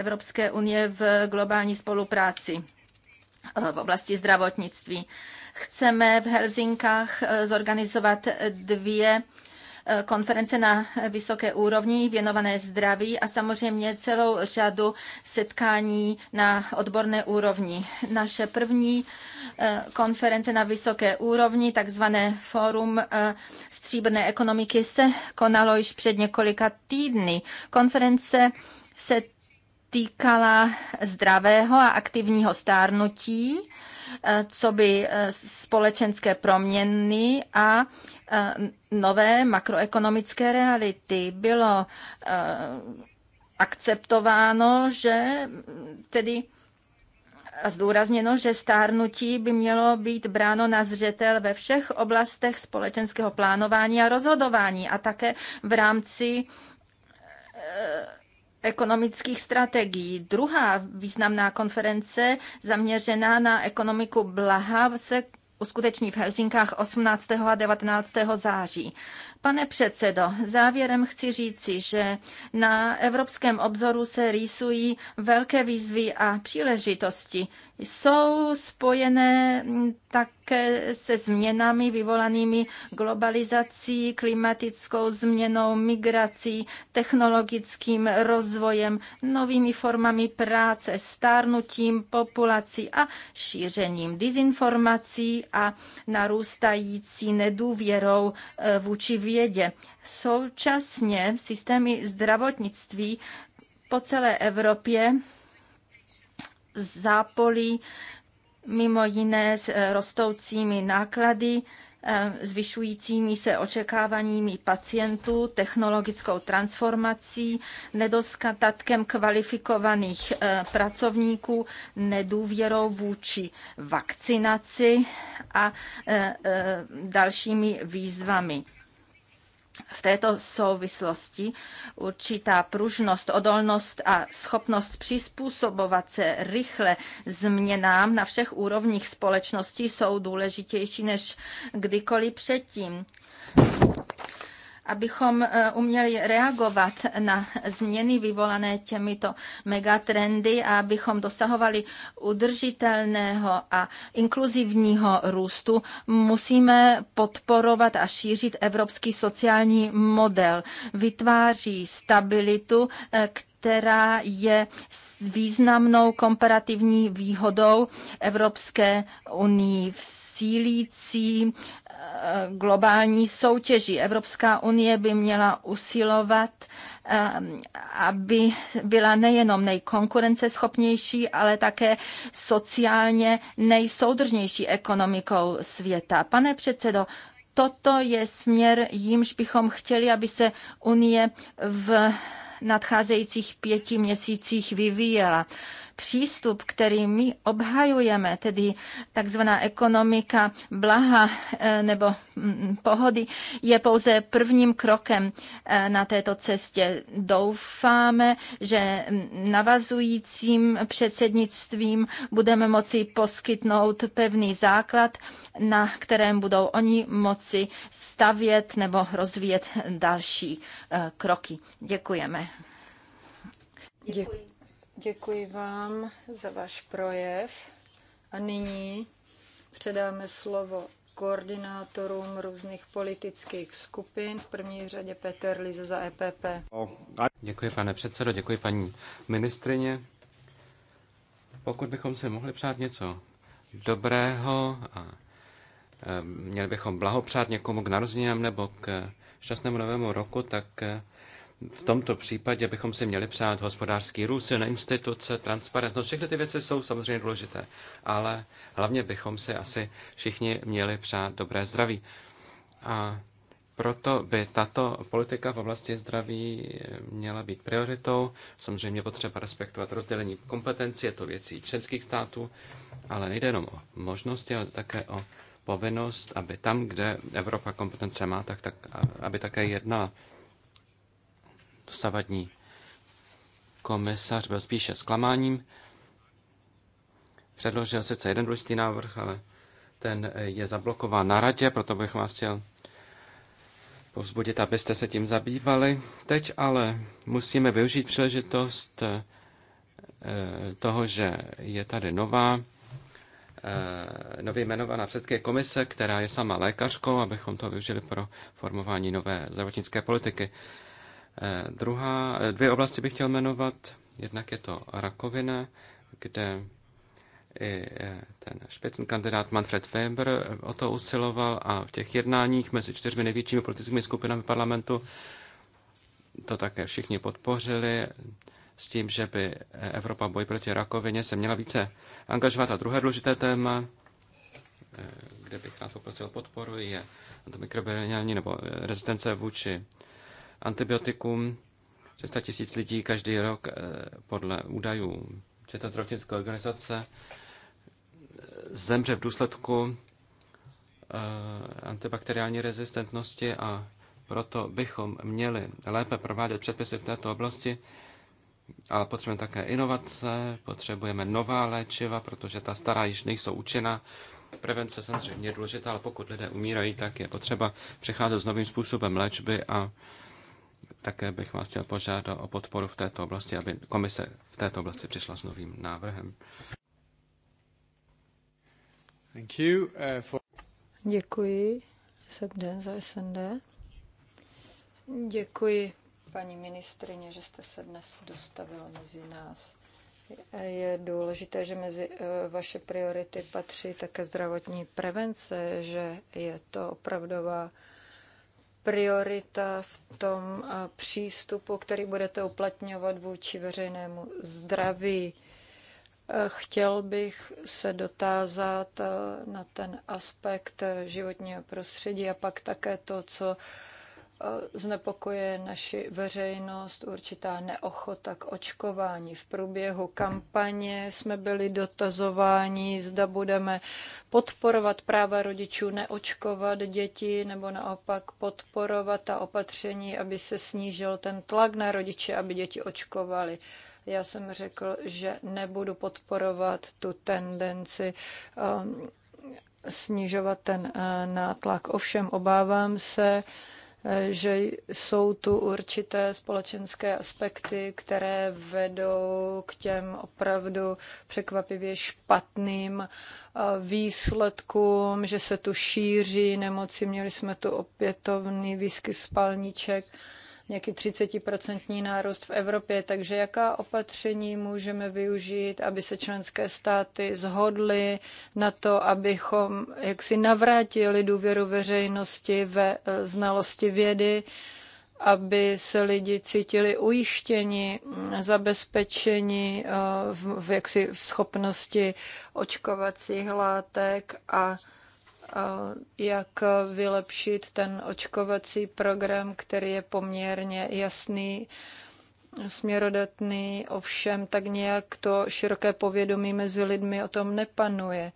Evropské unie v globální spolupráci eh, v oblasti zdravotnictví. Chceme v Helsinkách eh, zorganizovat dvě eh, konference na vysoké úrovni věnované zdraví a samozřejmě celou řadu setkání na odborné úrovni. Naše první konference na vysoké úrovni, takzvané Fórum stříbrné ekonomiky, se konalo již před několika týdny. Konference se týkala zdravého a aktivního stárnutí, eh, co by eh, společenské proměny a eh, nové makroekonomické reality. Bylo akceptováno, že tedy a zdůrazněno, že stárnutí by mělo být bráno na zřetel ve všech oblastech společenského plánování a rozhodování a také v rámci ekonomických strategií. Druhá významná konference zaměřená na ekonomiku blaha se uskuteční v Helsinkách 18. a 19. září. Pane předsedo, závěrem chci říci, že na evropském obzoru se rýsují velké výzvy a příležitosti. Jsou spojené také se změnami vyvolanými globalizací, klimatickou změnou, migrací, technologickým rozvojem, novými formami práce, stárnutím populací a šířením dizinformací a narůstající nedůvěrou eh, vůči vědě. Současně systémy zdravotnictví po celé Evropě zápolí mimo jiné s eh, rostoucími náklady, eh, zvyšujícími se očekáváními pacientů, technologickou transformací, nedostatkem kvalifikovaných eh, pracovníků, nedůvěrou vůči vakcinaci a dalšími výzvami v této souvislosti určitá pružnost, odolnost a schopnost přizpůsobovat se rychle změnám na všech úrovních společnosti jsou důležitější než kdykoliv předtím abychom eh, uměli reagovat na změny vyvolané těmito megatrendy a abychom dosahovali udržitelného a inkluzivního růstu, musíme podporovat a šířit evropský sociální model. Vytváří stabilitu, eh, která je významnou komparativní výhodou Evropské unii v sílící globální soutěží. Evropská unie by měla usilovat, ehm, aby byla nejenom nejkonkurenceschopnější, ale také sociálně nejsoudržnější ekonomikou světa. Pane předsedo, toto je směr, jímž bychom chtěli, aby se Unie v nadcházejících pěti měsících vyvíjela přístup, který my obhajujeme, tedy takzvaná ekonomika blaha eh, nebo mm, mm, pohody, je pouze prvním krokem eh, na této cestě. Doufáme, že mm, navazujícím předsednictvím budeme moci poskytnout pevný základ, na kterém budou oni moci stavět nebo rozvíjet další eh, kroky. Děkujeme. Děkuji. Děkuji vám za váš projev a nyní předáme slovo koordinátorům různých politických skupin, v první řadě Petr Lize za EPP. Děkuji, pane předsedo, děkuji, paní ministrině. Pokud bychom si mohli přát něco dobrého a e, měli bychom blahopřát někomu k narozeninám nebo k šťastnému novému roku, tak e, v tomto případě bychom si měli přát hospodářský růst, silné instituce, transparentnost, všechny ty věci jsou samozřejmě důležité, ale hlavně bychom si asi všichni měli přát dobré zdraví. A proto by tato politika v oblasti zdraví měla být prioritou. Samozřejmě potřeba respektovat rozdělení kompetencí, je to věcí členských států, ale nejde jenom o možnosti, ale také o povinnost, aby tam, kde Evropa kompetence má, tak, tak aby také jednala dosavadní komisař byl spíše zklamáním. Předložil sice jeden důležitý návrh, ale ten je zablokován na radě, proto bych vás chtěl povzbudit, abyste se tím zabývali. Teď ale musíme využít příležitost eh, toho, že je tady nová, eh, nově jmenovaná předky komise, která je sama lékařkou, abychom to využili pro formování nové zdravotnické politiky. Eh, druhá, eh, dvě oblasti bych chtěl jmenovat. Jednak je to rakovina, kde i eh, ten špicn kandidát Manfred Weber o to usiloval a v těch jednáních mezi čtyřmi největšími politickými skupinami parlamentu to také všichni podpořili s tím, že by Evropa boj proti rakovině se měla více angažovat. A druhé důležité téma, kde bych rád poprosil podporu, je antimikrobiální nebo rezistence vůči Antibiotikum 300 tisíc lidí každý rok eh, podle údajů Světa zdravotnické organizace eh, zemře v důsledku eh, antibakteriální rezistentnosti a proto bychom měli lépe provádět předpisy v této oblasti, ale potřebujeme také inovace, potřebujeme nová léčiva, protože ta stará již nejsou účinná. Prevence samozřejmě je důležitá, ale pokud lidé umírají, tak je potřeba přecházet s novým způsobem léčby a také bych vás chtěl požádat o podporu v této oblasti, aby komise v této oblasti přišla s novým návrhem. Thank you, uh, for... Děkuji, SMD za SND. Děkuji, paní ministrině, že jste se dnes dostavila mezi nás. Je důležité, že mezi uh, vaše priority patří také zdravotní prevence, že je to opravdová priorita v tom eh, přístupu, který budete uplatňovat vůči veřejnému zdraví. Eh, chtěl bych se dotázat eh, na ten aspekt životního prostředí a pak také to, co znepokoje naši veřejnost určitá neochota k očkování. V průběhu kampaně jsme byli dotazováni, zda budeme podporovat práva rodičů neočkovat děti nebo naopak podporovat ta opatření, aby se snížil ten tlak na rodiče, aby děti očkovali. Já jsem řekl, že nebudu podporovat tu tendenci um, snižovat ten uh, nátlak. Ovšem obávám se, Eh, že jsou tu určité společenské aspekty, které vedou k těm opravdu překvapivě špatným eh, výsledkům, že se tu šíří nemoci. Měli jsme tu opětovný výskyt spalniček nějaký 30% nárost v Evropě. Takže jaká opatření můžeme využít, aby se členské státy zhodly na to, abychom jaksi navrátili důvěru veřejnosti ve eh, znalosti vědy, aby se lidi cítili ujištěni, mm, zabezpečeni eh, v, v, jaksi v schopnosti očkovacích látek a jak vylepšit ten očkovací program, který je poměrně jasný, směrodatný, ovšem tak nějak to široké povědomí mezi lidmi o tom nepanuje.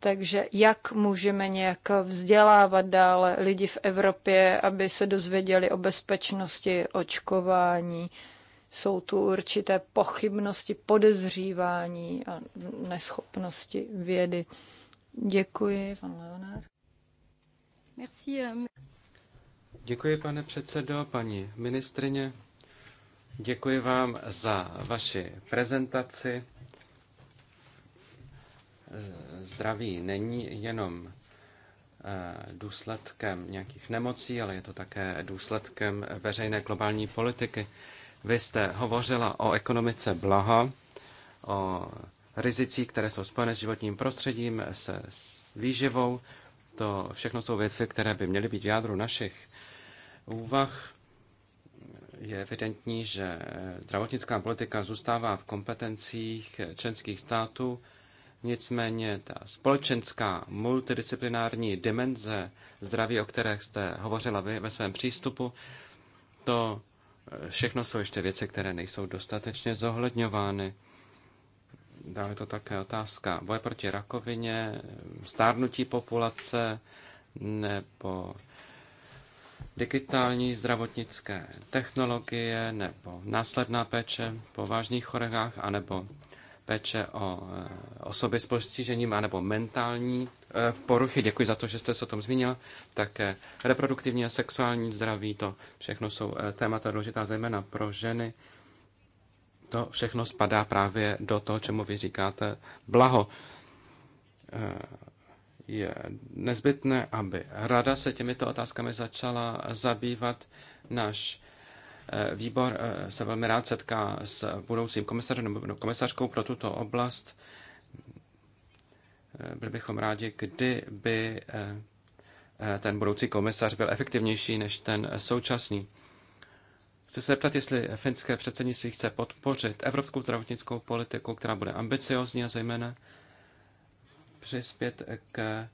Takže jak můžeme nějak vzdělávat dále lidi v Evropě, aby se dozvěděli o bezpečnosti očkování? Jsou tu určité pochybnosti, podezřívání a neschopnosti vědy. Děkuji, pan Leonard. Merci. Euh, Děkuji, pane předsedo, paní ministrině. Děkuji vám za vaši prezentaci. Zdraví není jenom eh, důsledkem nějakých nemocí, ale je to také důsledkem veřejné globální politiky. Vy jste hovořila o ekonomice blaha, o rizicí, které jsou spojené s životním prostředím, se s výživou. To všechno jsou věci, které by měly být v jádru našich úvah. Je evidentní, že zdravotnická politika zůstává v kompetencích členských států, nicméně ta společenská multidisciplinární dimenze zdraví, o které jste hovořila vy ve svém přístupu, to všechno jsou ještě věci, které nejsou dostatečně zohledňovány dále to také otázka boje proti rakovině, stárnutí populace nebo digitální zdravotnické technologie nebo následná péče po vážných chorechách anebo péče o eh, osoby s postižením anebo mentální eh, poruchy. Děkuji za to, že jste se o tom zmínila. Také reproduktivní a sexuální zdraví, to všechno jsou eh, témata důležitá zejména pro ženy. To všechno spadá právě do toho, čemu vy říkáte blaho. Eh, je nezbytné, aby rada se těmito otázkami začala zabývat. Náš eh, výbor eh, se velmi rád setká s budoucím komisařem nebo komisařkou pro tuto oblast. Byli bychom rádi, kdyby ten budoucí komisař byl efektivnější než ten současný. Chci se zeptat, jestli finské předsednictví chce podpořit evropskou zdravotnickou politiku, která bude ambiciozní a zejména přispět k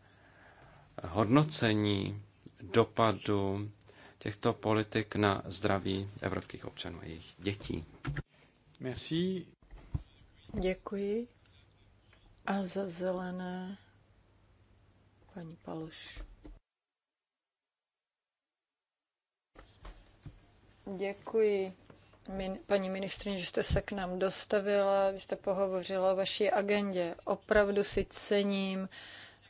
hodnocení dopadu těchto politik na zdraví evropských občanů a jejich dětí. Merci. Děkuji. A za zelené paní Paloš. Děkuji, min, paní ministrině, že jste se k nám dostavila, vy jste pohovořila o vaší agendě. Opravdu si cením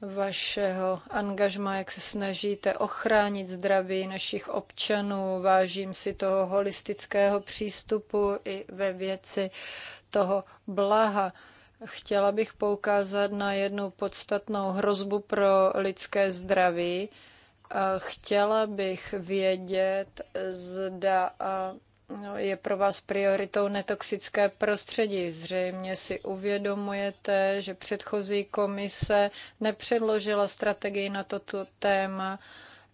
vašeho angažma, jak se snažíte ochránit zdraví našich občanů. Vážím si toho holistického přístupu i ve věci toho blaha. Chtěla bych poukázat na jednu podstatnou hrozbu pro lidské zdraví, Chtěla bych vědět, zda no, je pro vás prioritou netoxické prostředí. Zřejmě si uvědomujete, že předchozí komise nepředložila strategii na toto téma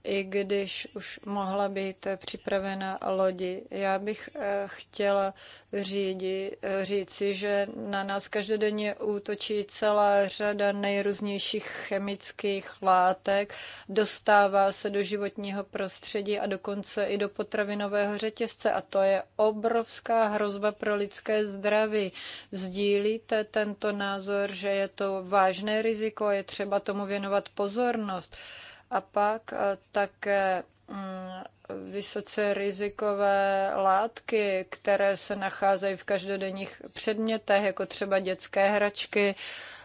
i když už mohla být připravena lodi. Já bych eh, chtěla řídi, eh, říci, že na nás každodenně útočí celá řada nejrůznějších chemických látek, dostává se do životního prostředí a dokonce i do potravinového řetězce a to je obrovská hrozba pro lidské zdraví. Sdílíte tento názor, že je to vážné riziko, je třeba tomu věnovat pozornost. A pak eh, také mm, vysoce rizikové látky, které se nacházejí v každodenních předmětech, jako třeba dětské hračky,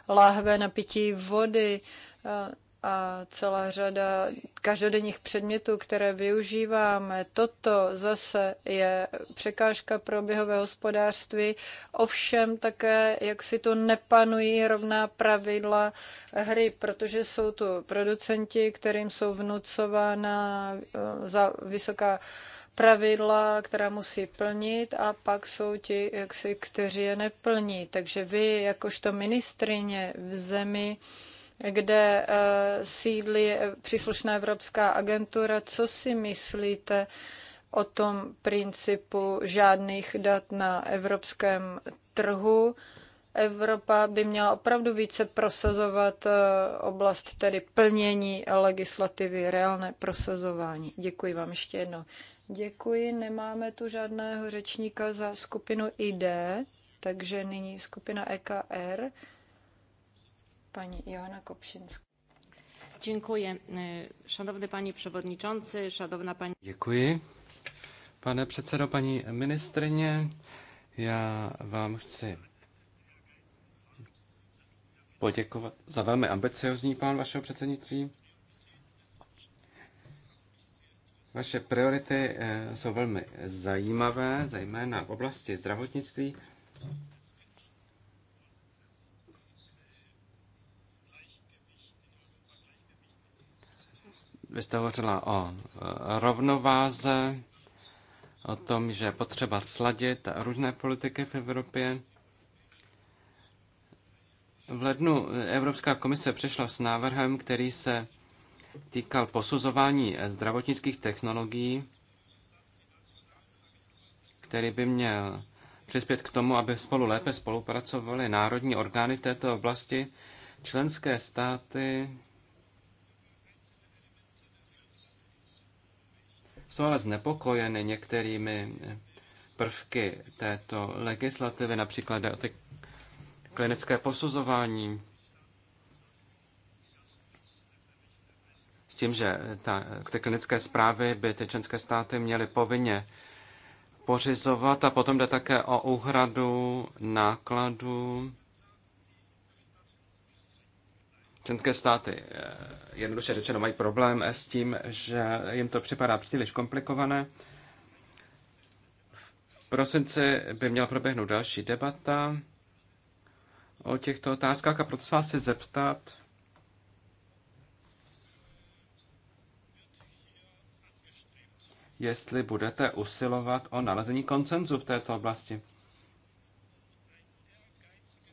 láhve na pití vody, eh, a celá řada každodenních předmětů, které využíváme. Toto zase je překážka pro běhové hospodářství, ovšem také, jak si to nepanují rovná pravidla hry, protože jsou tu producenti, kterým jsou vnucována e, za vysoká pravidla, která musí plnit a pak jsou ti, jaksi, kteří je neplní. Takže vy, jakožto ministrině v zemi, kde eh, sídlí příslušná evropská agentura. Co si myslíte o tom principu žádných dat na evropském trhu? Evropa by měla opravdu více prosazovat eh, oblast tedy plnění legislativy, reálné prosazování. Děkuji vám ještě jednou. Děkuji, nemáme tu žádného řečníka za skupinu ID, takže nyní skupina EKR pani Joanna Kopšinská. Děkuji, šanovný paní převodničonci, šanovná paní... Děkuji, pane předsedo, paní ministrině. Já vám chci poděkovat za velmi ambiciozní plán vašeho předsednictví. Vaše priority jsou e, velmi zajímavé, zejména v oblasti zdravotnictví. Vy jste hovořila o e, rovnováze, o tom, že je potřeba sladit různé politiky v Evropě. V lednu Evropská komise přišla s návrhem, který se týkal posuzování zdravotnických technologií, který by měl přispět k tomu, aby spolu lépe spolupracovaly národní orgány v této oblasti, členské státy Jsou ale znepokojeny některými prvky této legislativy, například o ty klinické posuzování, s tím, že ta, ty klinické zprávy by ty členské státy měly povinně pořizovat a potom jde také o úhradu nákladů Členské státy eh, jednoduše řečeno mají problém eh, s tím, že jim to připadá příliš komplikované. V prosinci by měla proběhnout další debata o těchto otázkách a proto vás chci zeptat, jestli budete usilovat o nalezení koncenzu v této oblasti.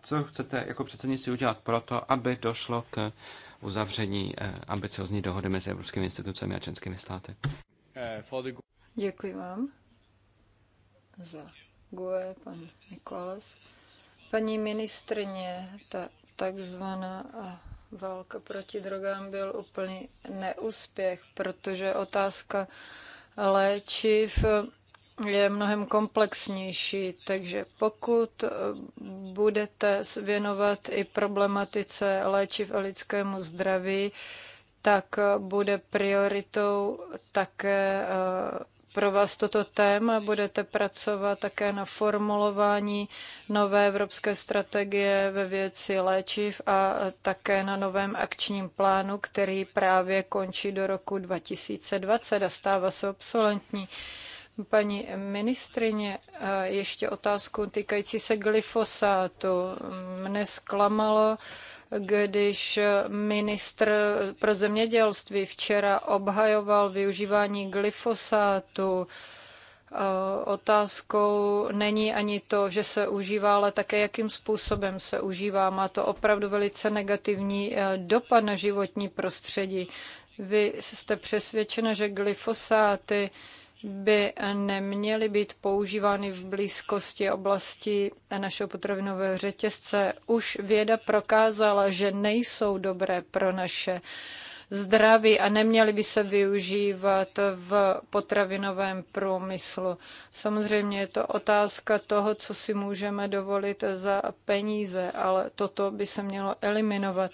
Co chcete jako předsednictví udělat pro to, aby došlo k uzavření eh, ambiciozní dohody mezi evropskými institucemi a členskými státy? Děkuji vám za GUE, pan Nikolas. Paní ministrně, ta takzvaná válka proti drogám byl úplný neúspěch, protože otázka léčiv je mnohem komplexnější, takže pokud eh, budete věnovat i problematice léčiv a lidskému zdraví, tak eh, bude prioritou také eh, pro vás toto téma. Budete pracovat také na formulování nové evropské strategie ve věci léčiv a také na novém akčním plánu, který právě končí do roku 2020 a stává se obsolentní. Paní ministrině, ještě otázku týkající se glyfosátu. Mne zklamalo, když ministr pro zemědělství včera obhajoval využívání glyfosátu. Otázkou není ani to, že se užívá, ale také jakým způsobem se užívá. Má to opravdu velice negativní e, dopad na životní prostředí. Vy jste přesvědčena, že glyfosáty by neměly být používány v blízkosti oblasti našeho potravinového řetězce. Už věda prokázala, že nejsou dobré pro naše zdraví a neměly by se využívat v potravinovém průmyslu. Samozřejmě je to otázka toho, co si můžeme dovolit za peníze, ale toto by se mělo eliminovat.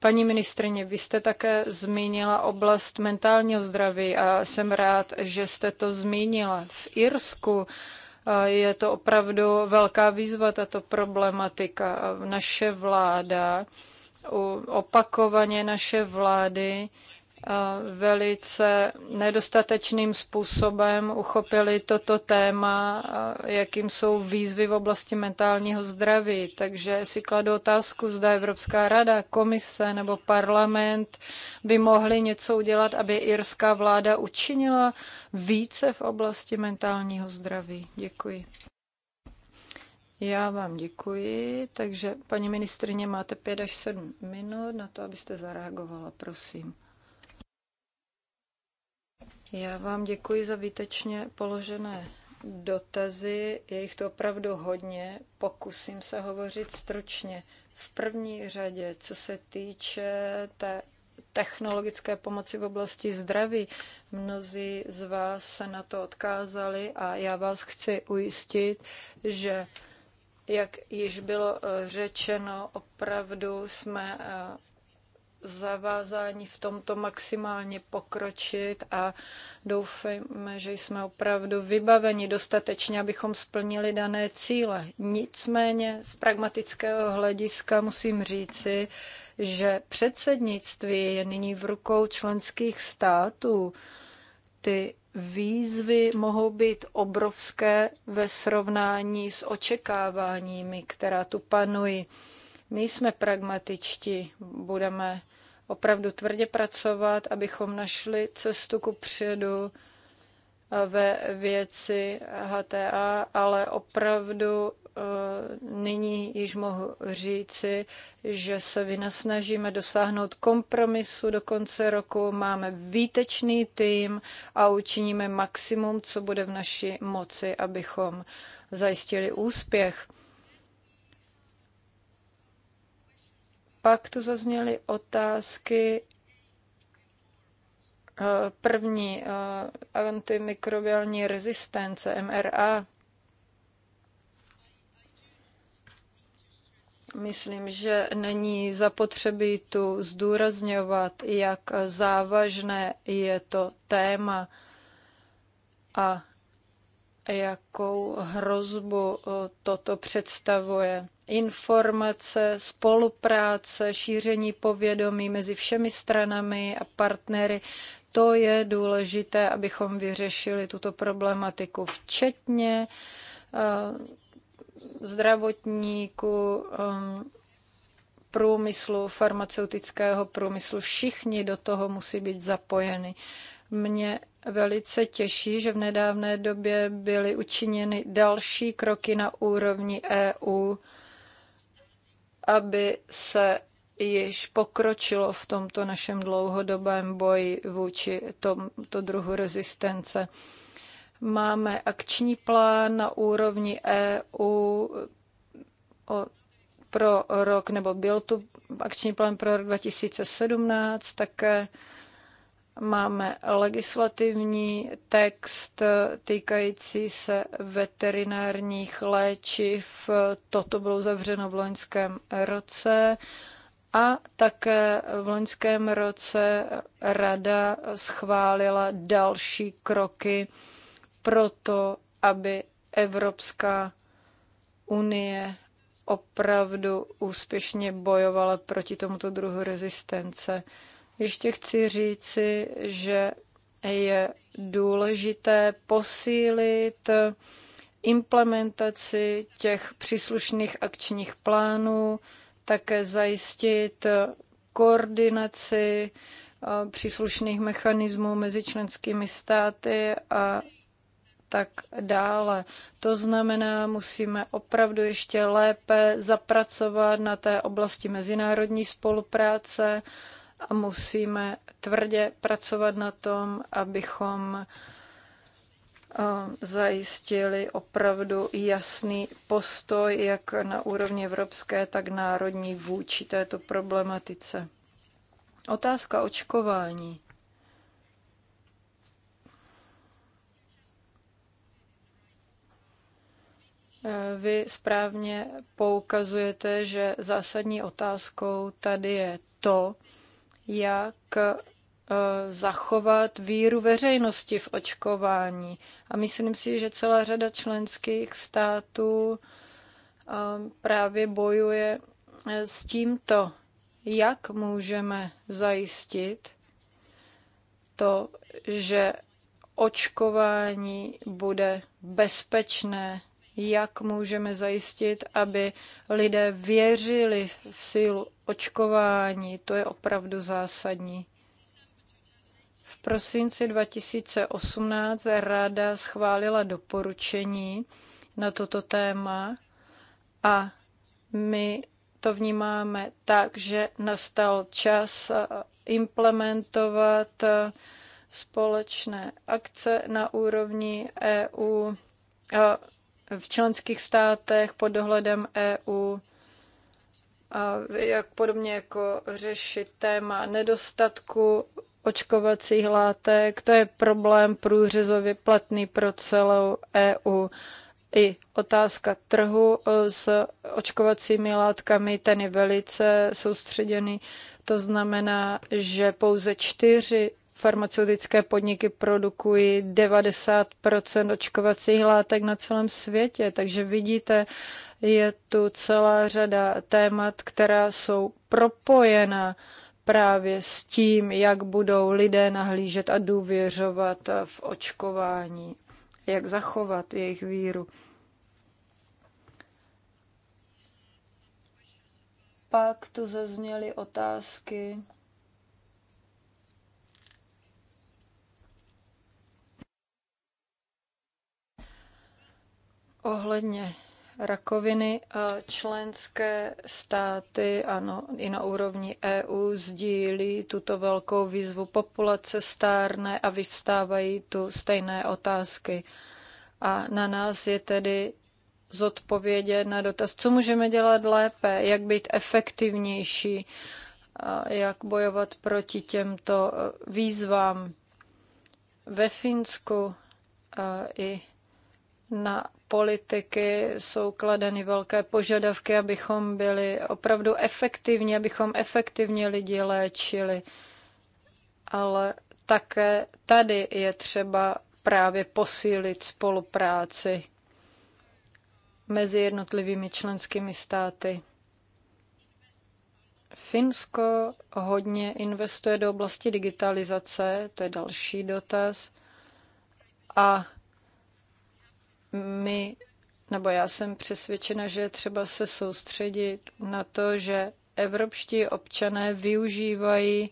Paní ministrině, vy jste také zmínila oblast mentálního zdraví a jsem rád, že jste to zmínila. V Irsku eh, je to opravdu velká výzva, tato problematika. Naše vláda, opakovaně naše vlády velice nedostatečným způsobem uchopili toto téma, jakým jsou výzvy v oblasti mentálního zdraví. Takže si kladu otázku, zda Evropská rada, komise nebo parlament by mohli něco udělat, aby irská vláda učinila více v oblasti mentálního zdraví. Děkuji. Já vám děkuji. Takže, paní ministrině, máte pět až sedm minut na to, abyste zareagovala, prosím. Já vám děkuji za výtečně položené dotazy. Je jich to opravdu hodně. Pokusím se hovořit stručně. V první řadě, co se týče té technologické pomoci v oblasti zdraví. Mnozí z vás se na to odkázali a já vás chci ujistit, že jak již bylo eh, řečeno, opravdu jsme eh, zavázání v tomto maximálně pokročit a doufejme, že jsme opravdu vybaveni dostatečně, abychom splnili dané cíle. Nicméně z pragmatického hlediska musím říci, že předsednictví je nyní v rukou členských států. Ty výzvy mohou být obrovské ve srovnání s očekáváními, která tu panují. Nejsme pragmatičtí, budeme opravdu tvrdě pracovat, abychom našli cestu ku předu eh, ve věci HTA, ale opravdu eh, nyní již mohu říci, že se vynasnažíme dosáhnout kompromisu do konce roku. Máme výtečný tým a učiníme maximum, co bude v naší moci, abychom zajistili úspěch. Pak tu zazněly otázky eh, první eh, antimikrobiální rezistence, MRA. Myslím, že není zapotřebí tu zdůrazňovat, jak závažné je to téma a jakou hrozbu eh, toto představuje. Informace, spolupráce, šíření povědomí mezi všemi stranami a partnery, to je důležité, abychom vyřešili tuto problematiku, včetně eh, zdravotníků, eh, průmyslu, farmaceutického průmyslu. Všichni do toho musí být zapojeni. Mně velice těší, že v nedávné době byly učiněny další kroky na úrovni EU, aby se již pokročilo v tomto našem dlouhodobém boji vůči tomuto druhu rezistence. Máme akční plán na úrovni EU pro rok, nebo byl tu akční plán pro rok 2017, také Máme legislativní text týkající se veterinárních léčiv. Toto bylo zavřeno v loňském roce. A také v loňském roce rada schválila další kroky pro to, aby Evropská unie opravdu úspěšně bojovala proti tomuto druhu rezistence. Ještě chci říci, že je důležité posílit implementaci těch příslušných akčních plánů, také zajistit koordinaci eh, příslušných mechanismů mezi členskými státy a tak dále. To znamená, musíme opravdu ještě lépe zapracovat na té oblasti mezinárodní spolupráce a musíme tvrdě pracovat na tom, abychom eh, zajistili opravdu jasný postoj jak na úrovni evropské, tak národní vůči této problematice. Otázka očkování. Vy správně poukazujete, že zásadní otázkou tady je to, jak eh, zachovat víru veřejnosti v očkování. A myslím si, že celá řada členských států eh, právě bojuje eh, s tímto, jak můžeme zajistit to, že očkování bude bezpečné jak můžeme zajistit, aby lidé věřili v sílu očkování. To je opravdu zásadní. V prosinci 2018 ráda schválila doporučení na toto téma a my to vnímáme tak, že nastal čas implementovat společné akce na úrovni EU v členských státech pod dohledem EU, a jak podobně jako řešit téma nedostatku očkovacích látek. To je problém průřezově platný pro celou EU. I otázka trhu s očkovacími látkami, ten je velice soustředěný. To znamená, že pouze čtyři farmaceutické podniky produkují 90 očkovacích látek na celém světě, takže vidíte, je tu celá řada témat, která jsou propojena právě s tím, jak budou lidé nahlížet a důvěřovat v očkování, jak zachovat jejich víru. Pak tu zazněly otázky Ohledně rakoviny členské státy, ano, i na úrovni EU sdílí tuto velkou výzvu. Populace stárné a vyvstávají tu stejné otázky. A na nás je tedy zodpovědět na dotaz, co můžeme dělat lépe, jak být efektivnější, jak bojovat proti těmto e, výzvám. Ve Finsku i na politiky jsou kladeny velké požadavky, abychom byli opravdu efektivní, abychom efektivně lidi léčili. Ale také tady je třeba právě posílit spolupráci mezi jednotlivými členskými státy. Finsko hodně investuje do oblasti digitalizace, to je další dotaz. A my, nebo já jsem přesvědčena, že je třeba se soustředit na to, že evropští občané využívají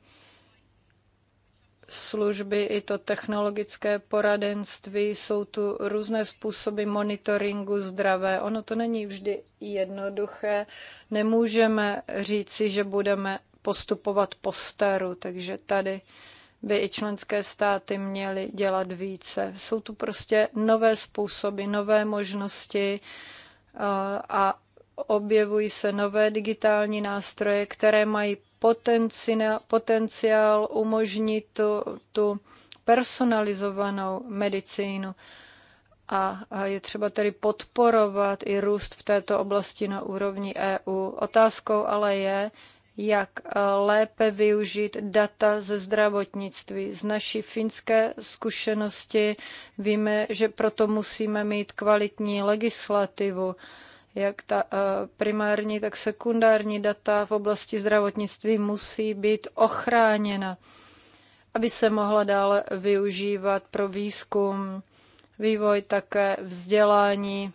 služby, i to technologické poradenství, jsou tu různé způsoby monitoringu zdravé. Ono to není vždy jednoduché. Nemůžeme říci, že budeme postupovat po staru, takže tady by i členské státy měly dělat více. Jsou tu prostě nové způsoby, nové možnosti a objevují se nové digitální nástroje, které mají potenciál umožnit tu, tu personalizovanou medicínu. A je třeba tedy podporovat i růst v této oblasti na úrovni EU. Otázkou ale je, jak eh, lépe využít data ze zdravotnictví. Z naší finské zkušenosti víme, že proto musíme mít kvalitní legislativu, jak ta eh, primární, tak sekundární data v oblasti zdravotnictví musí být ochráněna, aby se mohla dále využívat pro výzkum, vývoj také vzdělání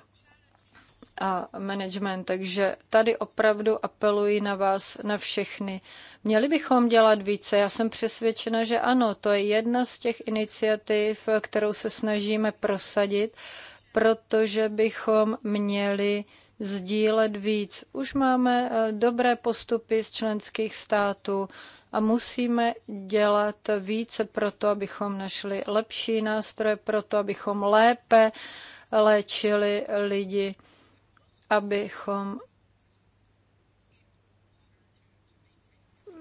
a management. Takže tady opravdu apeluji na vás, na všechny. Měli bychom dělat více. Já jsem přesvědčena, že ano, to je jedna z těch iniciativ, kterou se snažíme prosadit, protože bychom měli sdílet víc. Už máme eh, dobré postupy z členských států a musíme dělat více pro to, abychom našli lepší nástroje pro to, abychom lépe léčili lidi abychom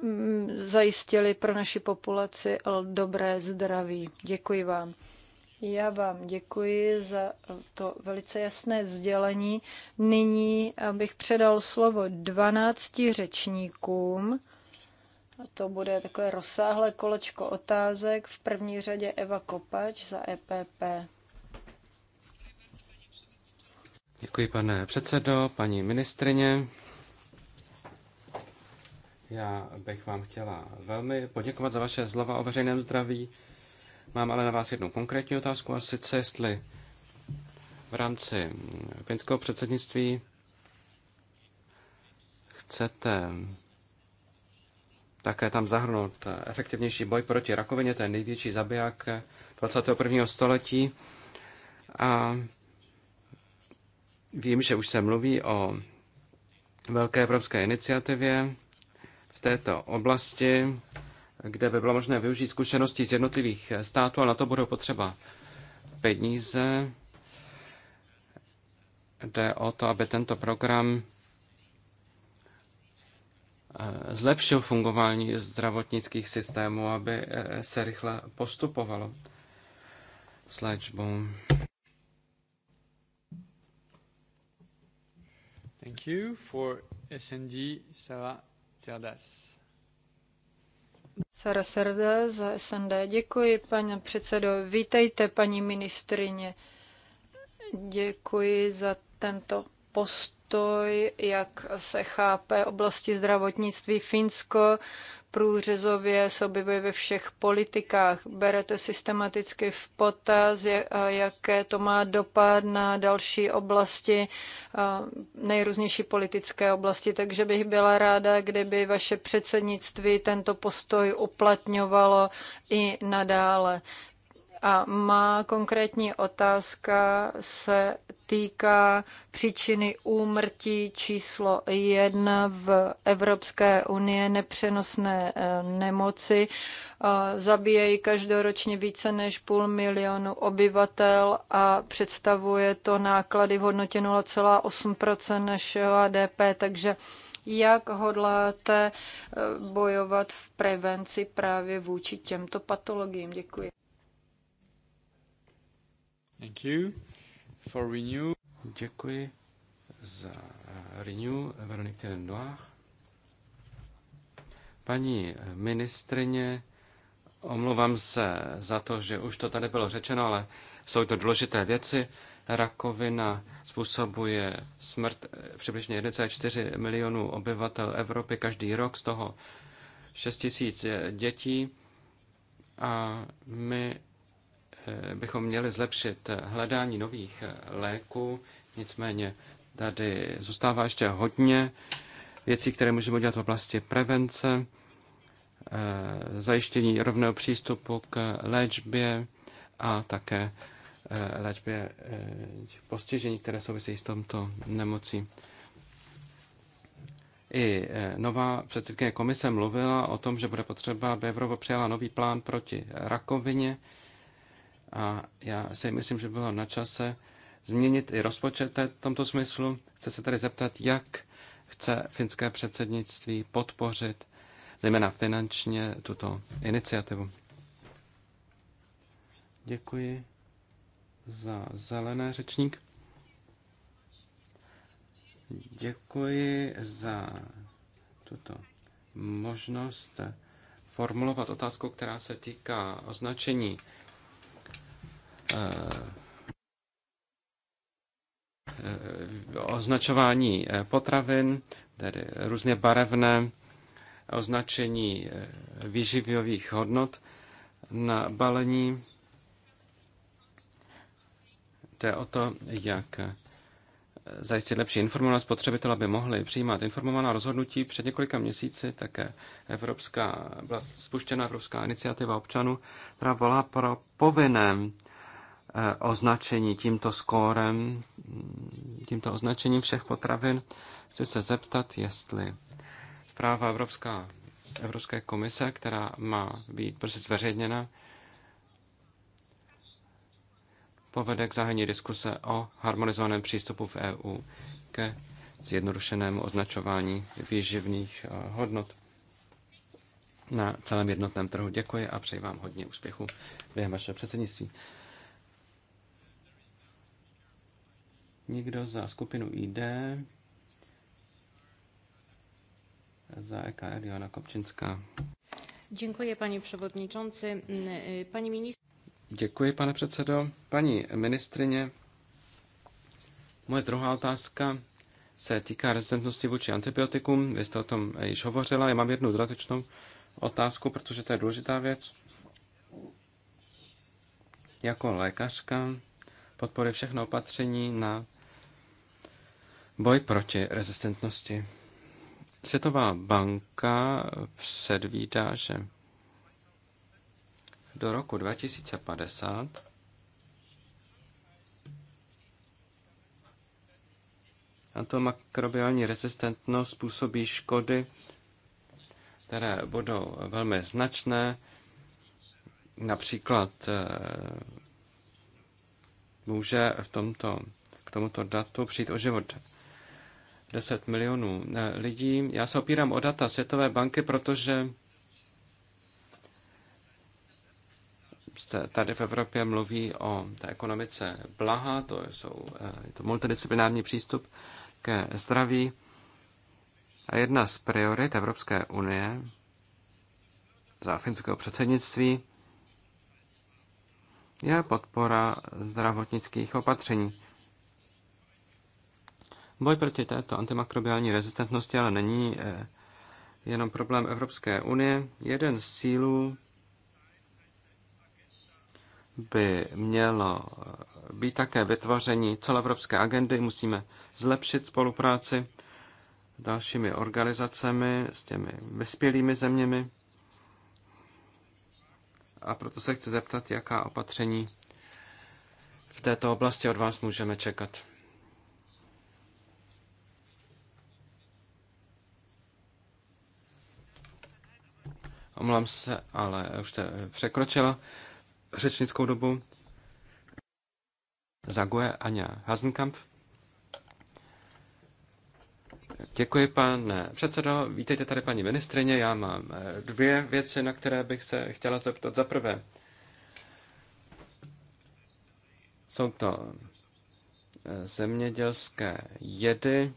mm, zajistili pro naši populaci dobré zdraví. Děkuji vám. Já vám děkuji za to velice jasné sdělení. Nyní bych předal slovo 12 řečníkům. A to bude takové rozsáhlé kolečko otázek. V první řadě Eva Kopač za EPP. Děkuji, pane předsedo, paní ministrině. Já bych vám chtěla velmi poděkovat za vaše slova o veřejném zdraví. Mám ale na vás jednu konkrétní otázku, a sice jestli v rámci finského předsednictví chcete také tam zahrnout efektivnější boj proti rakovině, to je největší zabiják 21. století. A Vím, že už se mluví o velké evropské iniciativě v této oblasti, kde by bylo možné využít zkušenosti z jednotlivých států, ale na to budou potřeba peníze. Jde o to, aby tento program eh, zlepšil fungování zdravotnických systémů, aby eh, se rychle postupovalo s léčbou. Thank you. For SND, Sarah Cerdas. Sara Serda za SND. Děkuji, paní předsedo. Vítejte, paní ministrině. Děkuji za tento post postoj, jak se chápe oblasti zdravotnictví Finsko, průřezově se objevuje ve všech politikách. Berete systematicky v potaz, jaké to má dopad na další oblasti, nejrůznější politické oblasti. Takže bych byla ráda, kdyby vaše předsednictví tento postoj uplatňovalo i nadále. A má konkrétní otázka se týká příčiny úmrtí číslo jedna v Evropské unie nepřenosné eh, nemoci. Eh, zabíjejí každoročně více než půl milionu obyvatel a představuje to náklady v hodnotě 0,8 našeho ADP, takže jak hodláte eh, bojovat v prevenci právě vůči těmto patologiím? Děkuji. Thank you. For Renew. Děkuji za eh, Renew Veronique Noir. Paní ministrině, omluvám se za to, že už to tady bylo řečeno, ale jsou to důležité věci. Rakovina způsobuje smrt eh, přibližně 1,4 milionů obyvatel Evropy každý rok, z toho 6 tisíc dětí. A my bychom měli zlepšit hledání nových léků, nicméně tady zůstává ještě hodně věcí, které můžeme dělat v oblasti prevence, eh, zajištění rovného přístupu k léčbě a také eh, léčbě eh, postižení, které souvisí s tomto nemocí. I nová předsedkyně komise mluvila o tom, že bude potřeba, aby Evropa přijala nový plán proti rakovině. A já si myslím, že bylo na čase změnit i rozpočet v tomto smyslu. Chce se tady zeptat, jak chce finské předsednictví podpořit, zejména finančně, tuto iniciativu. Děkuji za zelené řečník. Děkuji za tuto možnost formulovat otázku, která se týká označení Eh, eh, označování eh, potravin, tedy různě barevné označení výživových hodnot na balení. Jde o to, jak zajistit lepší informovanost spotřebitel, aby mohli přijímat informovaná rozhodnutí. Před několika měsíci také evropská, byla spuštěna Evropská iniciativa občanů, která volá pro povinné Eh, označení tímto skórem, tímto označením všech potravin. Chci se zeptat, jestli zpráva Evropská, Evropské komise, která má být brzy zveřejněna, povede k zahájení diskuse o harmonizovaném přístupu v EU ke zjednodušenému označování výživných eh, hodnot na celém jednotném trhu. Děkuji a přeji vám hodně úspěchu během vašeho předsednictví. Nikdo za skupinu ID. Za EKR Joana Kopčinská. Děkuji, paní předsedající. Paní ministr... Děkuji, pane předsedo. Paní ministrině, moje druhá otázka se týká rezistentnosti vůči antibiotikům. Vy jste o tom již hovořila. Já mám jednu dodatečnou otázku, protože to je důležitá věc. Jako lékařka podporuje všechno opatření na Boj proti rezistentnosti. Světová banka předvídá, že do roku 2050 antimikrobiální rezistentnost způsobí škody, které budou velmi značné, například eh, může v tomto, k tomuto datu přijít o život 10 milionů eh, lidí. Já se opírám o data Světové banky, protože se tady v Evropě mluví o té ekonomice blaha, to, jsou, eh, je to multidisciplinární přístup ke zdraví. A jedna z priorit Evropské unie za finského předsednictví je podpora zdravotnických opatření. Boj proti této antimakrobiální rezistentnosti ale není eh, jenom problém Evropské unie. Jeden z cílů by mělo eh, být také vytvoření celoevropské agendy. Musíme zlepšit spolupráci s dalšími organizacemi, s těmi vyspělými zeměmi. A proto se chci zeptat, jaká opatření v této oblasti od vás můžeme čekat. Omlám se, ale už jste překročila řečnickou dobu. Zagoje Aňa Hasenkamp. Děkuji, pane předsedo. Vítejte tady, paní ministrině. Já mám eh, dvě věci, na které bych se chtěla zeptat. Za prvé, jsou to eh, zemědělské jedy,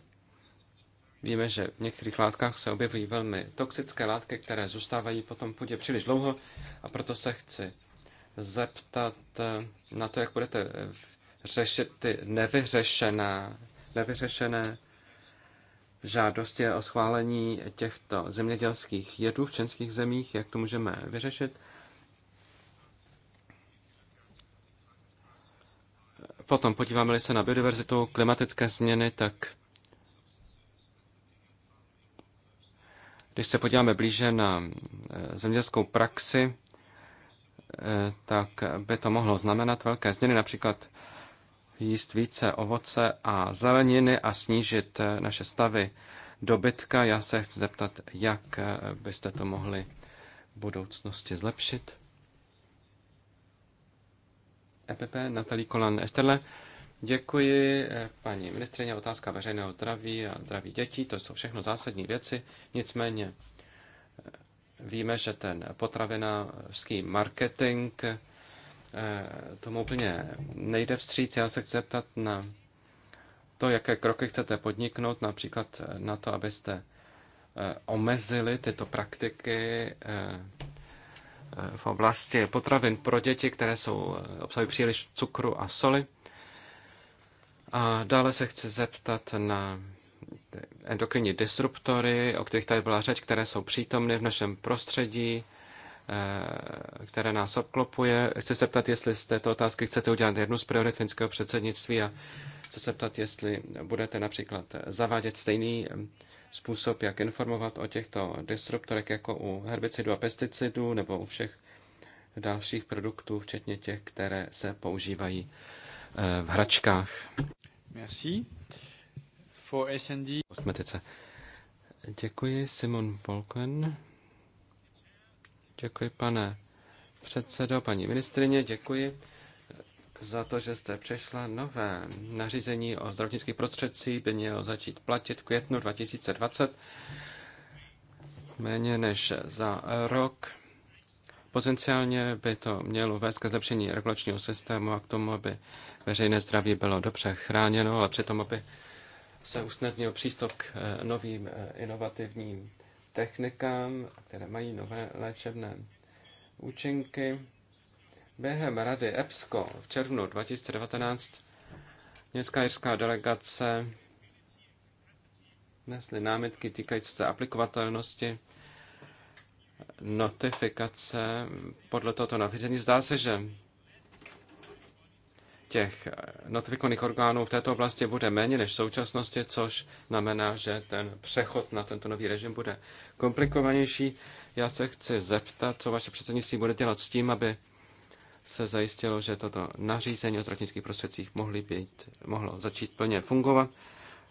Víme, že v některých látkách se objevují velmi toxické látky, které zůstávají potom v půdě příliš dlouho a proto se chci zeptat eh, na to, jak budete eh, řešit ty nevyřešené, nevyřešené žádosti o schválení těchto zemědělských jedů v českých zemích, jak to můžeme vyřešit. Potom podíváme-li se na biodiverzitu, klimatické změny, tak Když se podíváme blíže na eh, zemědělskou praxi, eh, tak by to mohlo znamenat velké změny, například jíst více ovoce a zeleniny a snížit eh, naše stavy dobytka. Já se chci zeptat, jak byste to mohli v budoucnosti zlepšit. EPP Natalí Kolan Esterle. Děkuji, eh, paní ministrině. Otázka veřejného zdraví a zdraví dětí, to jsou všechno zásadní věci. Nicméně eh, víme, že ten potravinářský marketing eh, tomu úplně nejde vstříc. Já se chci zeptat na to, jaké kroky chcete podniknout, například na to, abyste omezili tyto praktiky v oblasti potravin pro děti, které jsou obsahují příliš cukru a soli. A dále se chci zeptat na endokrinní disruptory, o kterých tady byla řeč, které jsou přítomny v našem prostředí, eh, které nás obklopuje. Chci se ptat, jestli z této otázky chcete udělat jednu z priorit finského předsednictví a chci se ptat, jestli budete například zavádět stejný způsob, jak informovat o těchto disruptorech jako u herbicidů a pesticidů nebo u všech dalších produktů, včetně těch, které se používají eh, v hračkách. Merci. For SND. Kosmetice. Děkuji, Simon Volken. Děkuji, pane předsedo, paní ministrině, děkuji za to, že jste přešla nové nařízení o zdravotnických prostředcích by mělo začít platit v květnu 2020, méně než za rok. Potenciálně by to mělo vést ke zlepšení regulačního systému a k tomu, aby veřejné zdraví bylo dobře chráněno, ale přitom, aby se usnadnil přístup k eh, novým eh, inovativním technikám, které mají nové léčebné účinky. Během Rady EPSCO v červnu 2019 městská jirská delegace nesly námitky týkající se aplikovatelnosti notifikace podle tohoto nařízení. Zdá se, že těch eh, notifikovaných orgánů v této oblasti bude méně než v současnosti, což znamená, že ten přechod na tento nový režim bude komplikovanější. Já se chci zeptat, co vaše předsednictví bude dělat s tím, aby se zajistilo, že toto nařízení o zdravotnických prostředcích mohly být, mohlo začít plně fungovat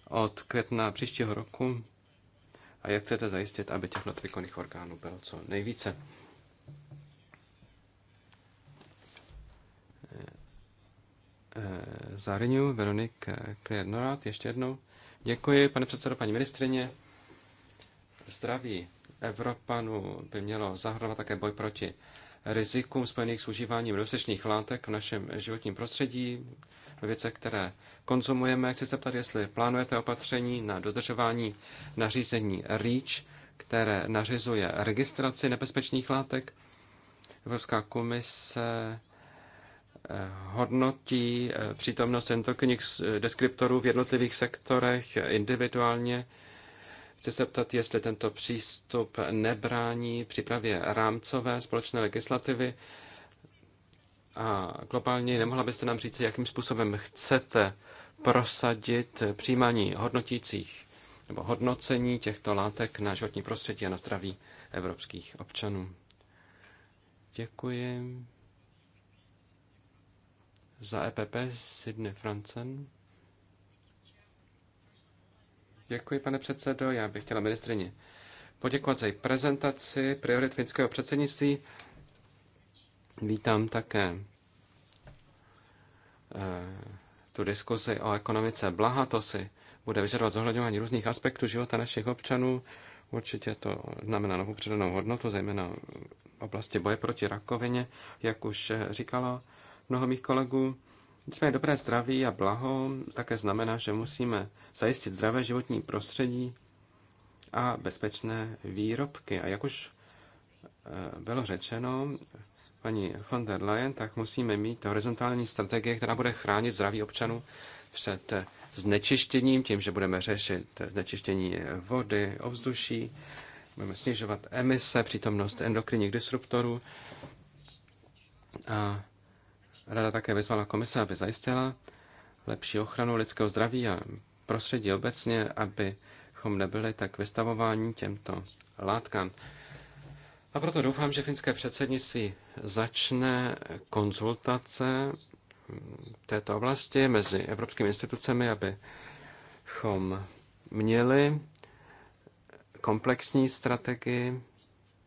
od května příštího roku a jak chcete zajistit, aby těch notifikovaných orgánů bylo co nejvíce. Eh, eh, Zahrňu Veronik Klejnorát, ještě jednou. Děkuji, pane předsedo, paní ministrině. Zdraví Evropanu by mělo zahrnovat také boj proti rizikům spojených s užíváním nebezpečných látek v našem životním prostředí, ve věcech, které konzumujeme. Chci se ptat, jestli plánujete opatření na dodržování nařízení REACH, které nařizuje registraci nebezpečných látek. Evropská komise eh, hodnotí eh, přítomnost endokrinních deskriptorů v jednotlivých sektorech individuálně Chci se ptat, jestli tento přístup nebrání přípravě rámcové společné legislativy a globálně nemohla byste nám říct, jakým způsobem chcete prosadit přijímání hodnotících nebo hodnocení těchto látek na životní prostředí a na zdraví evropských občanů. Děkuji. Za EPP Sidney Francen. Děkuji, pane předsedo. Já bych chtěla ministrině poděkovat za její prezentaci priorit finského předsednictví. Vítám také eh, tu diskuzi o ekonomice blaha. To si bude vyžadovat zohledňování různých aspektů života našich občanů. Určitě to znamená novou přidanou hodnotu, zejména v oblasti boje proti rakovině, jak už eh, říkalo mnoho mých kolegů. Nicméně dobré zdraví a blaho také znamená, že musíme zajistit zdravé životní prostředí a bezpečné výrobky. A jak už eh, bylo řečeno, paní von der Leyen, tak musíme mít horizontální strategie, která bude chránit zdraví občanů před znečištěním, tím, že budeme řešit znečištění vody, ovzduší, budeme snižovat emise, přítomnost endokrinních disruptorů a Rada také vyzvala komise, aby zajistila lepší ochranu lidského zdraví a prostředí obecně, abychom nebyli tak vystavováni těmto látkám. A proto doufám, že finské předsednictví začne konzultace v této oblasti mezi evropskými institucemi, abychom měli komplexní strategii,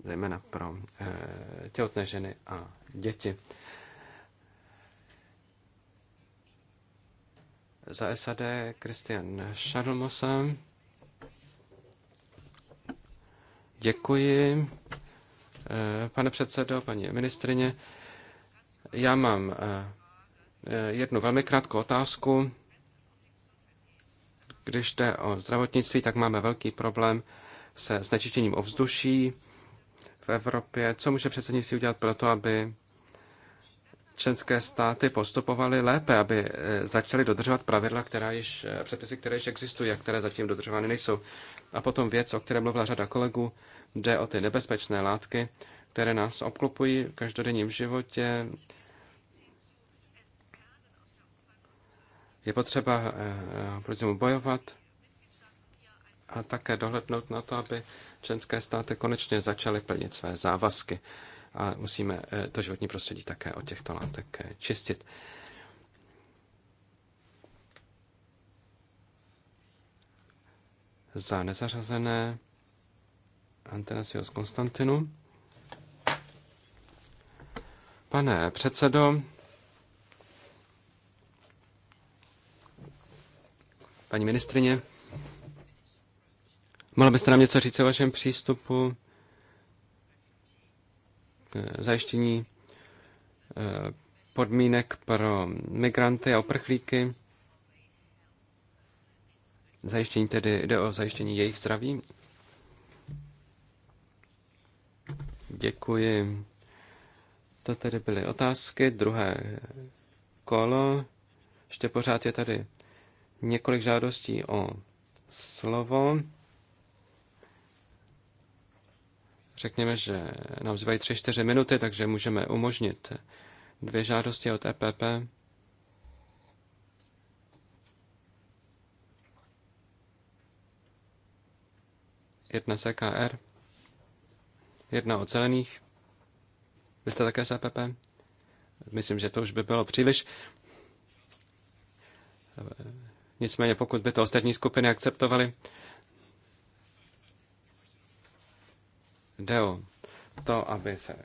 zejména pro eh, těhotné ženy a děti. Za SAD Kristian Šarlmosa. Děkuji, eh, pane předsedo, paní ministrině. Já mám eh, jednu velmi krátkou otázku. Když jde o zdravotnictví, tak máme velký problém se znečištěním ovzduší v Evropě. Co může předsednictví udělat pro to, aby členské státy postupovaly lépe, aby eh, začaly dodržovat pravidla, která již, eh, předpisy, které již existují a které zatím dodržovány nejsou. A potom věc, o které mluvila řada kolegů, jde o ty nebezpečné látky, které nás obklopují v každodenním životě. Je potřeba eh, proti tomu bojovat a také dohlednout na to, aby členské státy konečně začaly plnit své závazky ale musíme eh, to životní prostředí také od těchto látek eh, čistit. Za nezařazené Antenasios Konstantinu. Pane předsedo, paní ministrině, mohla byste nám něco říct o vašem přístupu zajištění eh, podmínek pro migranty a oprchlíky, zajištění tedy jde o zajištění jejich zdraví. Děkuji. To tedy byly otázky. Druhé kolo. Ještě pořád je tady několik žádostí o slovo. řekněme, že nám zbývají 3-4 minuty, takže můžeme umožnit dvě žádosti od EPP. Jedna z EKR, jedna od zelených. Vy jste také z EPP? Myslím, že to už by bylo příliš. Nicméně, pokud by to ostatní skupiny akceptovaly, Jde o to, aby se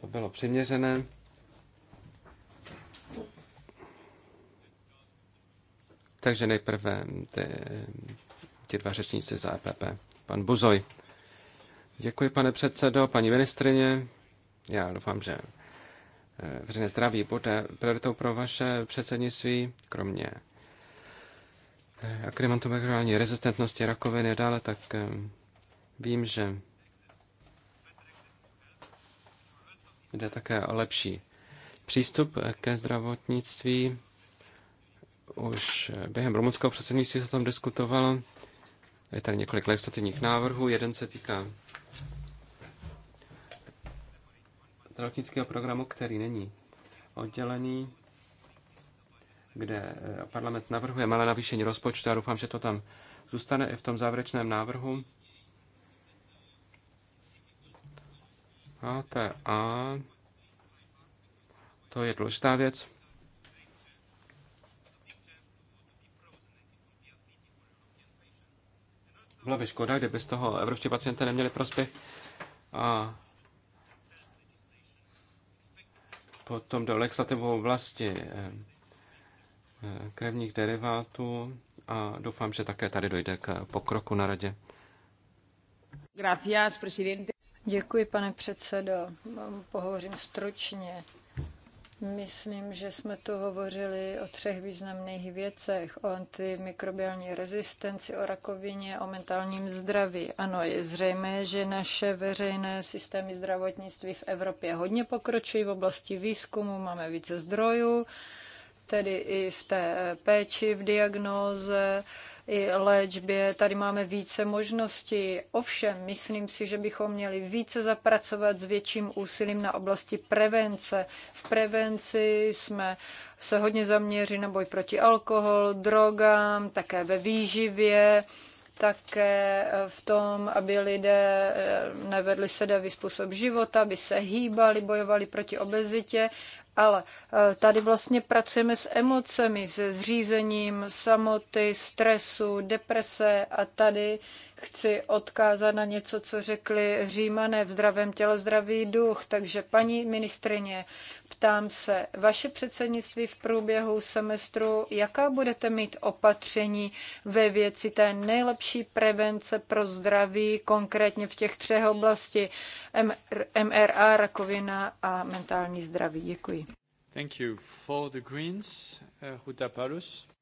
to bylo přiměřené. Takže nejprve ty, ti dva řečníci za EPP. Pan Buzoj. Děkuji, pane předsedo, paní ministrině. Já doufám, že eh, veřejné zdraví bude prioritou pro vaše předsednictví, kromě eh, akrimatomegrální rezistentnosti rakoviny a dále, tak eh, Vím, že jde také o lepší přístup ke zdravotnictví. Už během rumunského předsednictví se tam diskutovalo. Je tady několik legislativních návrhů. Jeden se týká zdravotnického programu, který není oddělený, kde eh, parlament navrhuje malé navýšení rozpočtu. Já doufám, že to tam zůstane i v tom závěrečném návrhu. HTA, to je důležitá věc. Byla by škoda, kdyby z toho evropští pacienté neměli prospěch. A potom do legislativou vlasti eh, eh, krevních derivátů a doufám, že také tady dojde k pokroku na radě. Gracias, presidente. Děkuji, pane předsedo. Pohovořím stručně. Myslím, že jsme tu hovořili o třech významných věcech. O antimikrobiální rezistenci, o rakovině, o mentálním zdraví. Ano, je zřejmé, že naše veřejné systémy zdravotnictví v Evropě hodně pokročují v oblasti výzkumu, máme více zdrojů, tedy i v té péči, v diagnóze, i léčbě. Tady máme více možností. Ovšem, myslím si, že bychom měli více zapracovat s větším úsilím na oblasti prevence. V prevenci jsme se hodně zaměřili na boj proti alkoholu, drogám, také ve výživě také eh, v tom, aby lidé eh, nevedli sedavý způsob života, aby se hýbali, bojovali proti obezitě ale eh, tady vlastně pracujeme s emocemi, se zřízením samoty, stresu, deprese a tady chci odkázat na něco, co řekli římané v zdravém těle, zdravý duch. Takže paní ministrině, ptám se, vaše předsednictví v průběhu semestru, jaká budete mít opatření ve věci té nejlepší prevence pro zdraví, konkrétně v těch třech oblasti MRA, rakovina a mentální zdraví? Děkuji. Uh,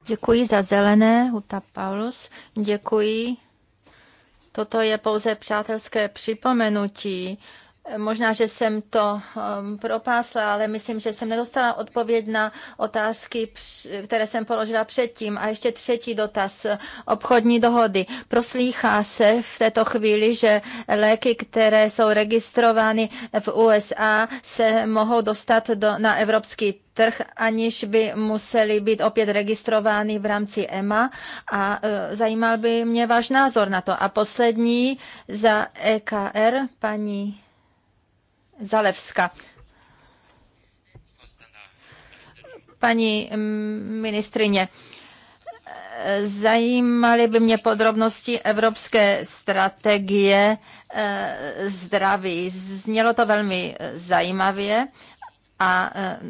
Děkuji za zelené, Huta Paulus. Děkuji. Toto je pouze přátelské připomenutí Možná, že jsem to um, propásla, ale myslím, že jsem nedostala odpověď na otázky, které jsem položila předtím. A ještě třetí dotaz. Obchodní dohody. Proslýchá se v této chvíli, že léky, které jsou registrovány v USA, se mohou dostat do, na evropský trh, aniž by museli být opět registrovány v rámci EMA a uh, zajímal by mě váš názor na to. A poslední za EKR paní Zalewska, pani ministrině, zajímaly by mě podrobnosti evropské strategie eh, zdraví. Znělo to velmi eh, zajímavě a eh,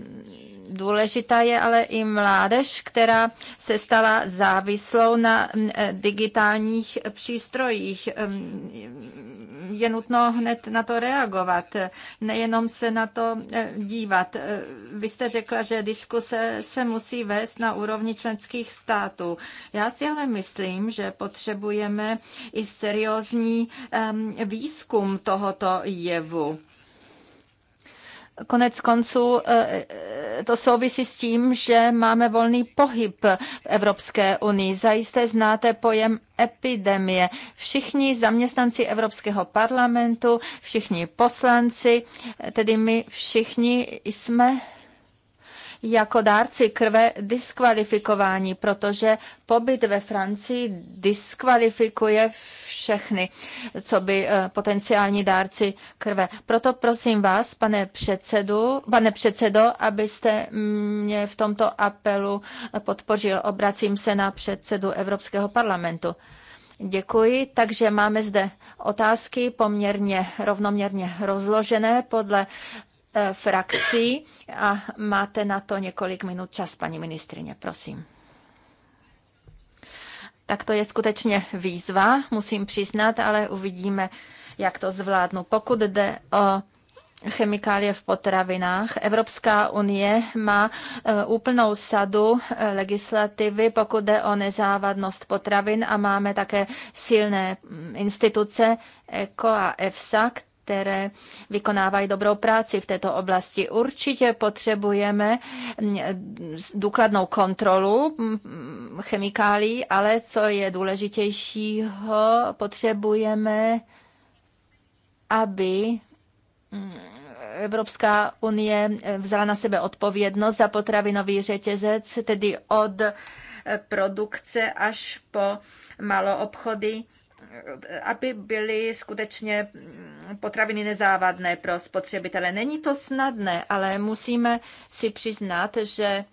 Důležitá je ale i mládež, která se stala závislou na mm, e, digitálních přístrojích. Je nutno hned na to reagovat, nejenom se na to e, dívat. E, vy jste řekla, že diskuse se musí vést na úrovni členských států. Já si ale myslím, že potřebujeme i seriózní výzkum tohoto jevu Konec konců eh, eh, to souvisí s tím, že máme volný pohyb v Evropské unii. Zajisté znáte pojem epidemie. Všichni zaměstnanci Evropského parlamentu, všichni poslanci, tedy my všichni jsme jako dárci krve diskvalifikováni, protože pobyt ve Francii diskvalifikuje všechny, co by eh, potenciální dárci krve. Proto prosím vás, pane, předsedu, pane předsedo, abyste mě v tomto apelu eh, podpořil. Obracím se na předsedu Evropského parlamentu. Děkuji, takže máme zde otázky poměrně rovnoměrně rozložené podle E, frakcí a máte na to několik minut čas, paní ministrině, prosím. Tak to je skutečně výzva, musím přiznat, ale uvidíme, jak to zvládnu. Pokud jde o chemikálie v potravinách. Evropská unie má e, úplnou sadu e, legislativy, pokud jde o nezávadnost potravin a máme také silné instituce ECO a EFSA, které vykonávají dobrou práci v této oblasti. Určitě potřebujeme mm, důkladnou kontrolu mm, mm, chemikálí, ale co je důležitějšího, potřebujeme, aby Evropská unie eh, vzala na sebe odpovědnost za potravinový řetězec, tedy od eh, produkce až po maloobchody obchody aby byly skutečně mm, potraviny nezávadné pro spotřebitele. Není to snadné, ale musíme si přiznat, že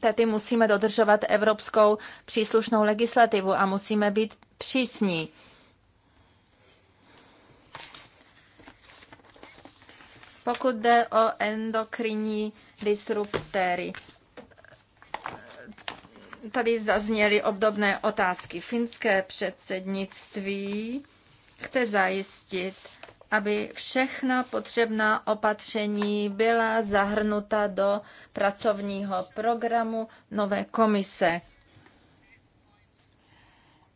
tady musíme dodržovat evropskou příslušnou legislativu a musíme být přísní. Pokud jde o endokrinní disruptéry, Tady zazněly obdobné otázky. Finské předsednictví chce zajistit, aby všechna potřebná opatření byla zahrnuta do pracovního programu nové komise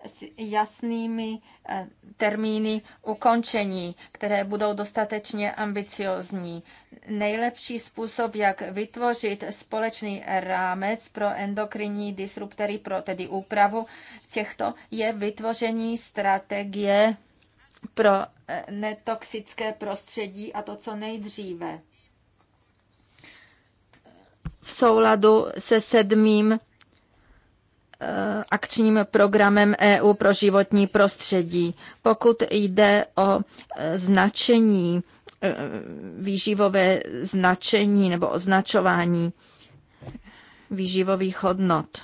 s jasnými eh, termíny ukončení, které budou dostatečně ambiciozní. Nejlepší způsob, jak vytvořit společný rámec pro endokrinní disruptory, pro tedy úpravu těchto, je vytvoření strategie pro eh, netoxické prostředí a to co nejdříve. V souladu se sedmým Eh, akčním programem EU pro životní prostředí. Pokud jde o eh, značení, eh, výživové značení nebo označování výživových hodnot.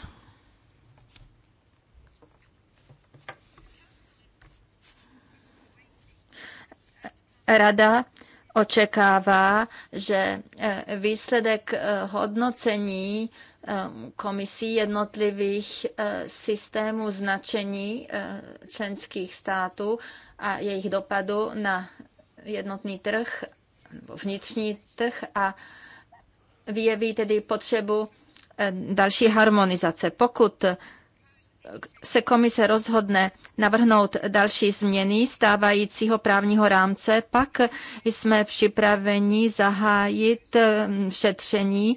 Rada očekává, že výsledek hodnocení Um, komisí jednotlivých uh, systémů značení uh, členských států a jejich dopadu na jednotný trh, vnitřní trh a vyjeví tedy potřebu uh, další harmonizace. Pokud se komise rozhodne navrhnout další změny stávajícího právního rámce, pak jsme připraveni zahájit um, šetření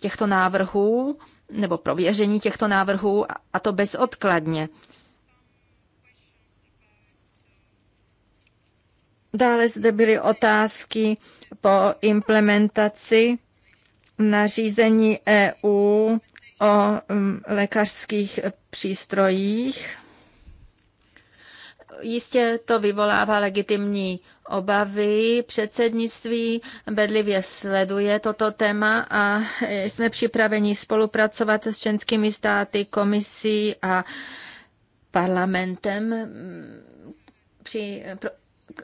těchto návrhů nebo prověření těchto návrhů a to bezodkladně. Dále zde byly otázky po implementaci nařízení EU o lékařských přístrojích. Jistě to vyvolává legitimní obavy. Předsednictví bedlivě sleduje toto téma a jsme připraveni spolupracovat s členskými státy, komisí a parlamentem při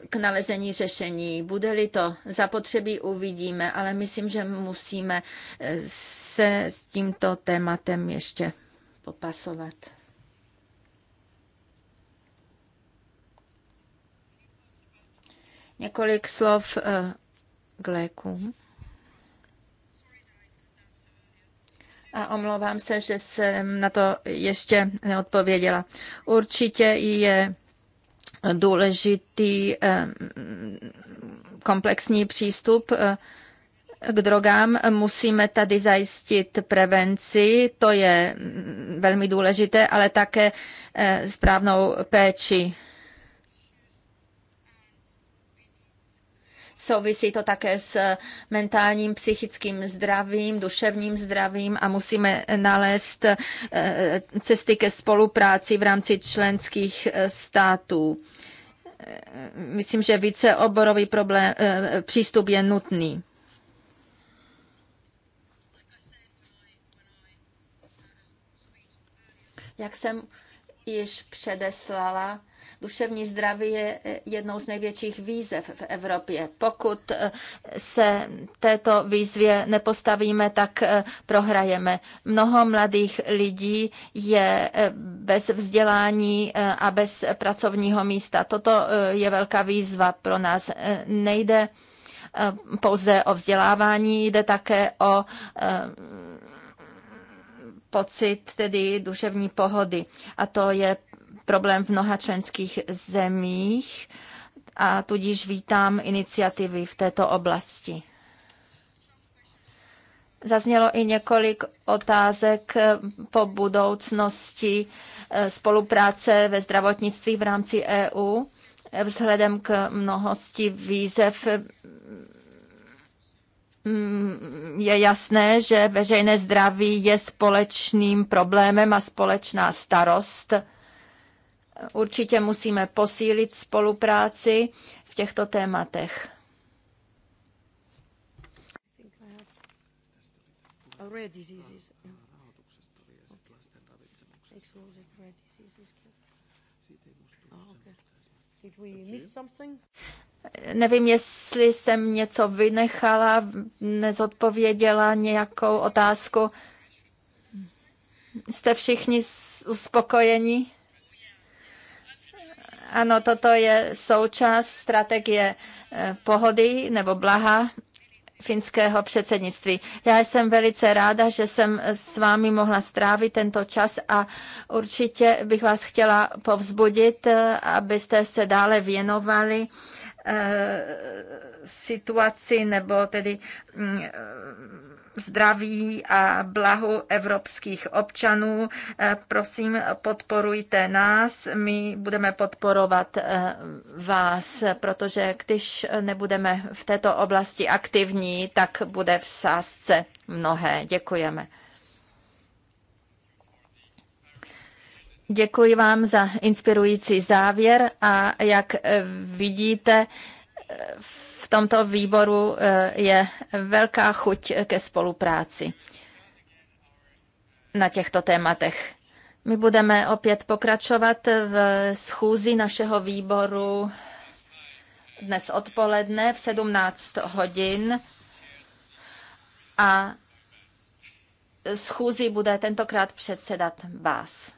k nalezení řešení. Bude-li to zapotřebí, uvidíme, ale myslím, že musíme se s tímto tématem ještě popasovat. Několik slov eh, k lékům. A omlouvám se, že jsem na to ještě neodpověděla. Určitě je důležitý eh, komplexní přístup eh, k drogám musíme tady zajistit prevenci, to je mm, velmi důležité, ale také správnou péči. Souvisí to také s mentálním, psychickým zdravím, duševním zdravím a musíme nalézt eh, cesty ke spolupráci v rámci členských eh, států. Eh, myslím, že více oborový problém, přístup je nutný. Jak jsem již předeslala, Duševní zdraví je eh, jednou z největších výzev v Evropě. Pokud eh, se této výzvě nepostavíme, tak eh, prohrajeme. Mnoho mladých lidí je bez vzdělání a bez pracovního místa. Toto je velká výzva pro nás. Nejde pouze o vzdělávání, jde také o pocit tedy duševní pohody. A to je problém v mnoha členských zemích a tudíž vítám iniciativy v této oblasti. Zaznělo i několik otázek po budoucnosti eh, spolupráce ve zdravotnictví v rámci EU. Vzhledem k mnohosti výzev mm, je jasné, že veřejné zdraví je společným problémem a společná starost. Určitě musíme posílit spolupráci v těchto tématech. Nevím, jestli jsem něco vynechala, nezodpověděla nějakou otázku. Jste všichni uspokojeni? Ano, toto je součást strategie eh, pohody nebo blaha finského předsednictví. Já jsem velice ráda, že jsem s vámi mohla strávit tento čas a určitě bych vás chtěla povzbudit, eh, abyste se dále věnovali eh, situaci nebo tedy mm, zdraví a blahu evropských občanů. Eh, prosím, podporujte nás, my budeme podporovat eh, vás, protože když nebudeme v této oblasti aktivní, tak bude v sásce mnohé. Děkujeme. Děkuji vám za inspirující závěr a jak vidíte, v eh, v tomto výboru eh, je velká chuť ke spolupráci na těchto tématech. My budeme opět pokračovat v schůzi našeho výboru dnes odpoledne v 17 hodin a schůzi bude tentokrát předsedat vás.